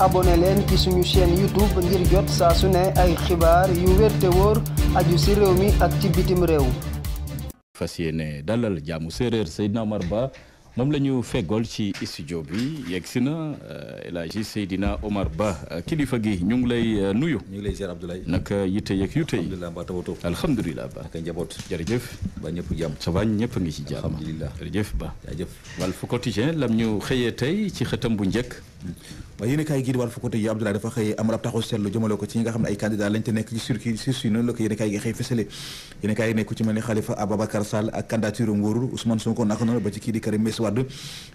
abonné leen ci suñu chaîne YouTube ngir jot saa su ne ay xibaar yu wér te wóor aju si réew mi ak ci bitim réew. fas yéene dalal jàmmu séeréer Seydina Omar Ba moom la ñu feggool ci studio bi yegg si na euh, El Hadji Seydina Omar Ba kilifa gi ñu ngi lay euh, nuyu. ñu ngi lay ziar Abdoulaye. naka yitte yeeg yu tey alhamdulilah ba tawato alhamdulilah ba. naka njaboot jërëjëf. ba ñëpp jàmm ñëpp ngi ci jàmm alhamdulilah jërëjëf ba jaajëf Walf Quotidien lam xëyee tey ci xëtam bu njëkk waaye a ko ci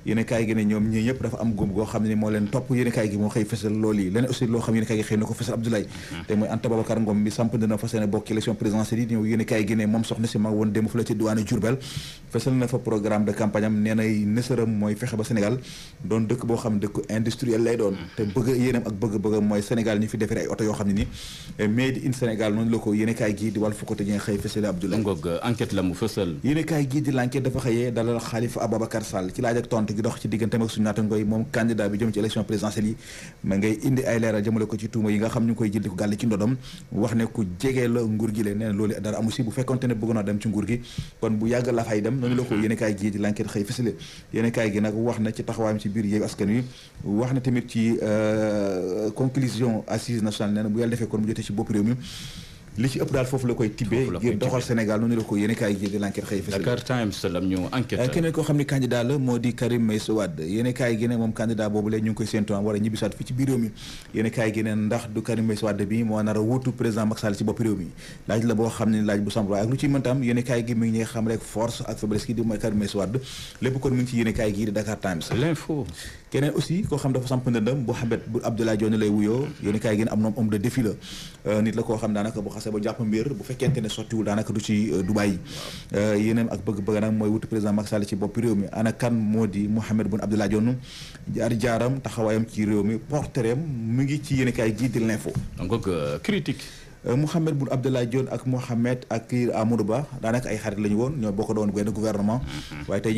ñi a gi ne ñoom ñii ñëpp dafa am góom goo xam ne moo leen topp yéen a gi moo xëy fësal loolu yi leneen loo xam yéen a hmm. gi ne moom soxna si ma woon démb fële ci diwaanu Diourbel fesal na fa mooy fexe ba Sénégal boo xam dëkk industriel lay doon mm. te bëgg yéenam ak bëgg-bëggam mooy Sénégal ñu fi defere ne ni eh, made in Sénégal noonu la ko yéenekaay gii di wàllu fukkati ñi nga la mu dafa xëyee dalal Khalifa Ababacar Sall ci laaj ak tontu gi dox ci digganteem ak suñu naatango yi moom candidat bi jëm ci élection présidentielle yi ma ngay indi ay leeral jëmale ko ci tuuma yi nga xam ñu koy jël di ko gàll ci ndodom wax ne ku jegee la nguur gi la nee na loolu dara amu bu fekkonte ne bëgg naa dem ci nguur gi kon bu yàgg la fay dem noonu la ko mm-hmm. yéenekaay gii di l'enquête xëy fësale yéenekaay gi nag wax na ci taxawaayam ci biir Yewwi Askan Wi wax na tamit ci euh, conclusion assise nationale nee na bu yàlla defee kon mu jotee ci bopp réew mi li ci ëpp daal foofu la koy tibbee ngir doxal Sénégal noonu la ko yéen gi di l'enquête xëy fës Dakar euh, keneen aussi koo xam dafa samp ndëndam Mouhamed bu Abdoulaye Dione lay wuyoo yéen gi ne am noom homme de défi la euh, nit la koo xam daanaka bu xasee forcé ba jàpp mbir bu fekkente ne sottiwul daanaka du ci euh, du euh, yeneen ak bëgg-bëgg mooy wutu président Macky ci bopp réew mi ana kan moo di Mouhamed Boun jaar jaaram taxawaayam ci réew mi portereem mu ngi ci yéen i kaay gii di l'info donc euh, critique Euh, Mouhamed Boun Abdallah Dionne ak Mouhamed ak Amadou Ba daanaka ay xarit la woon ñoo bokk doon benn gouvernement mm-hmm. waaye tey a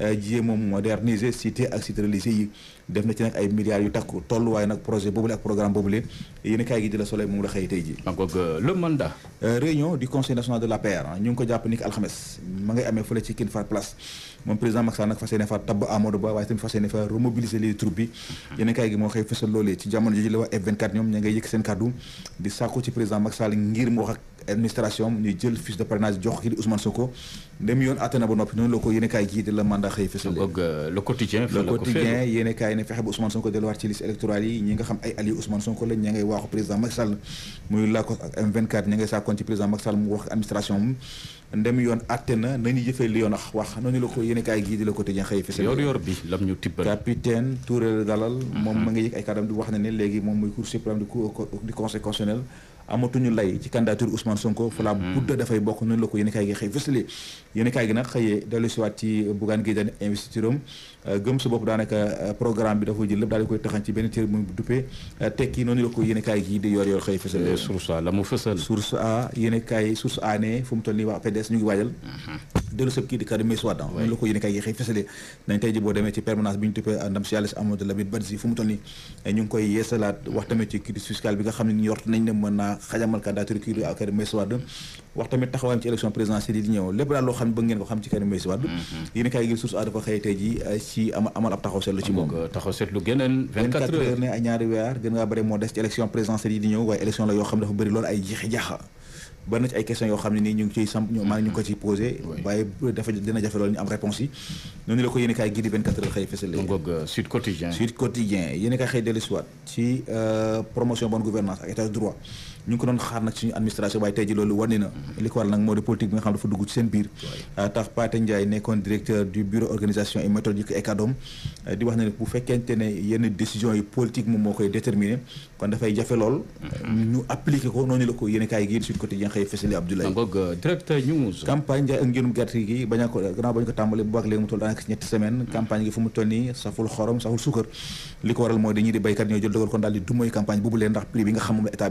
euh, mm-hmm. euh, moderniser cité ak yi def na ci nag ay milliards yu takku tolluwaay nag projet boobule ak programme kaay gi di la soleil moom la xëy tey ji mandat. Euh, réunion du conseil national de l'APR ah, ñu ngi ko jàpp ni ki alxames ma ngay amee fële ci King Fahd Palace moom président Macky nag fas yéene fa tabb Amadou Ba waaye tamit fas yéene fa remobiliser les troupes bi yeneen kaay gi moo xëy fësal loolee ci jamono jooju la waa F24 ñoom ña yëkk seen kàddu di sàkku ci président Macky ngir mu wax ak administration ñu jël fiche de parrainage jox ki di Ousmane Sonko ndem yoon àtte na ba noppi noonu la ko yéen kaay gii di la mandat xëy fësal euh, le quotidien le quotidien yéen ne fexe ba Ousmane Sonko delluwaat ci liste électorale yi ñi nga xam ay alliés Ousmane Sonko lañ ña ngay waaxu président Macky Sall muy laakos ak M24 ña ngay saakoon ci président Macky Sall mu wax administration ndem yoon àtte na nañu jëfee li yoon wax wax noonu la ko yéen kaay gii di le quotidien xëy fësal yor yor bi lam tibbal capitaine Touré mhm. ma nga yëg wax ne ne léegi moom muy cour suprême amatuñu lay ci candidature Ousmane Sonko fa la hmm. dafay bokk noonu la ko yéen gi xëy fësale yéen gi nag xëyee dellu si waat ci Bougane Gueye Dany investiture am euh, euh, di koy taxan ci benn téere mu duppee euh, tekki noonu la di yor yor xëy fësale source a la mu fësal source a yéen kaay source a ne fu mu toll waajal hmm. dellu sëb kii di Karim Meïssa Wade noonu la ko yéen kaay gi xëy fësale nañ tey ji permanence bi ñu tuppee ndam si yàlla si Amadou Lamine Badji fu mu candidat xajamal candidature kii ak Karim Meïssa Wade wax tamit taxawaayam ci élection présidentielle yi di ñëw lépp daal loo xam ne bëgg ngeen ko xam ci Karim Meïssa Wade mhm. yéen kaay gi source a dafa xëy tey ji euh, ci amal ab taxaw seetlu ci moom taxaw seetlu geneen 24 heures ne ay ñaari weer gën ngaa bëri moo des ci élection présidentielle yi di ñëw waaye élection la yoo xam ne dafa bëri loolu ay jiixi jaaxa bari na ci ay questions yoo xam ne nii ñu ngi ciy samp maa ngi ñu ko ciy posé waaye dafa dina jafe loolu ñu am réponse yi noonu la ko yéen kaay gi di 24 heures xëy fësale euh, Sud Quotidien Sud Quotidien yéen kaay xëy dellusiwaat ci euh, promotion bonne gouvernance ak état de droit ñu ngi ko doon xaar nag suñu administration waaye tey ji loolu wane li ko waral nag moo di politique bi nga xam dafa et méthodique ECADOM di wax ne bu fekkente ne yenn décision yi politique moom moo jafe lool mm-hmm. ñu appliquer ko noonu la ko yéen kaay gi Sud Quotidien bi nga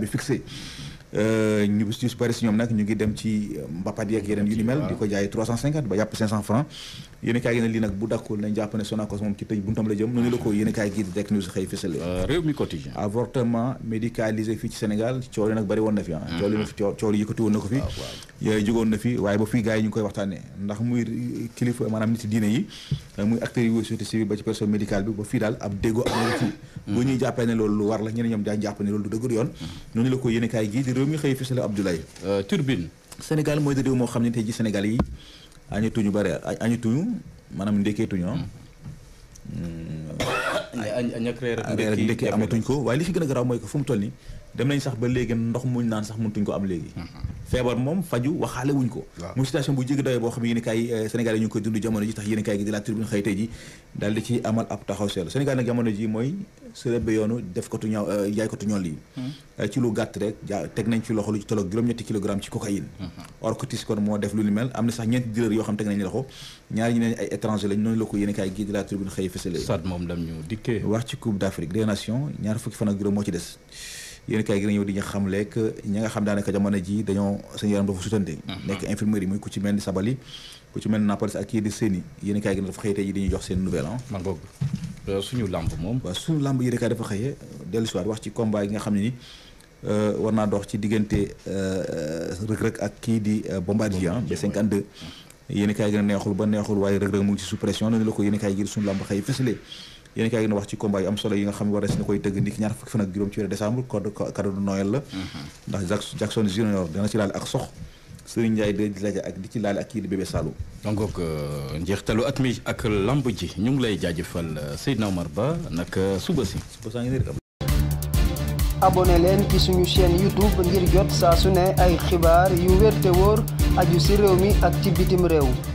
Euh, ñu bis ñu si bari si ñoom nag ñu ngi dem ci euh, mbapat yeeg yeneen yu ni mel di ko jaay 350 ba yàpp 500 francs yéen kaay gi ne lii nag bu dakkul nañ jàpp ne Sonacos moom ci tëj buntam la jëm noonu la ko yéen kaay di Direct News xëy fësale euh, réew mi quotidien avortement médicalisé fii lu war la ñeneen ñoom daañu jàpp ne loolu du mm-hmm. xëy fësale Abdoulaye euh, Turbine Sénégal mooy de moo xam ne tey ji Sénégal yi añituñu ba reer añituñu maanaam ndékkeetuñu ah. ñàkk reer ak ndékkee amatuñ ko waaye li fi gën a garaaw mooy que fu mu toll nii dem nañ sax ba léegi ndox muñ naan sax mëntuñ ko am léegi. feebar moom faju waxaale wuñ ko muy situation bu jéggi dawee boo xam ne yéen kaay euh, Sénégal yi ñu ngi koy dund jamono ji tax yéen kaay gi di la tribune xëy tey euh, hmm. euh, rek teg nañ ci loxo lu ci tolloog juróom-ñetti kilogramme ci cocaïne hmm. or ko ne ay étranger lañ noonu moom lam ñu dikkee wax ci coupe d'Afrique des nations ñaar fukki fan juróom moo ci des yéen kaay gi ñëw di ñu xamle que ñi nga xam daanaka jamono ji dañoo seen yaram dafa sutante uh-huh. nekk infirmerie muy ku ci mel ni Sabali ku ci mel ni Nampalys ak kii di Séni yéen kaay gi ñu jox seen nouvelle ah suñu lamb moom waaw suñu lamb yéen kaay dafa xëyee dellu si waat wax ci combat nga xam ne euh, war naa dox ci diggante euh, rëg-rëg ak kii di Bombardier B52 yéen kaay gi neexul ba neexul waaye rëg-rëg mu ngi ci sous pression noonu la ko yéen kaay gi suñu lamb xëy fësale yéen kaay gi na wax ci combat yu solo yi nga xam ne war na koy tëgg ni ki ñaar fukki fan ak juróom ci weeru décembre code cadeau Noël la mm-hmm. ndax Jackson Junior dana ci laale ak sox Serigne Ndiaye de di ak laale ak kii di bébé Saloum donc euh, njeextalu at mi ak lamb ji ñu ngi lay jaajëfal euh, Seydina Omar Ba nag euh, suba si suba saa ngi nérk abonné leen ci suñu chaîne youtube ngir jot saa su ne ay xibaar yu wér te wóor aju ci réew mi ak ci bitim réew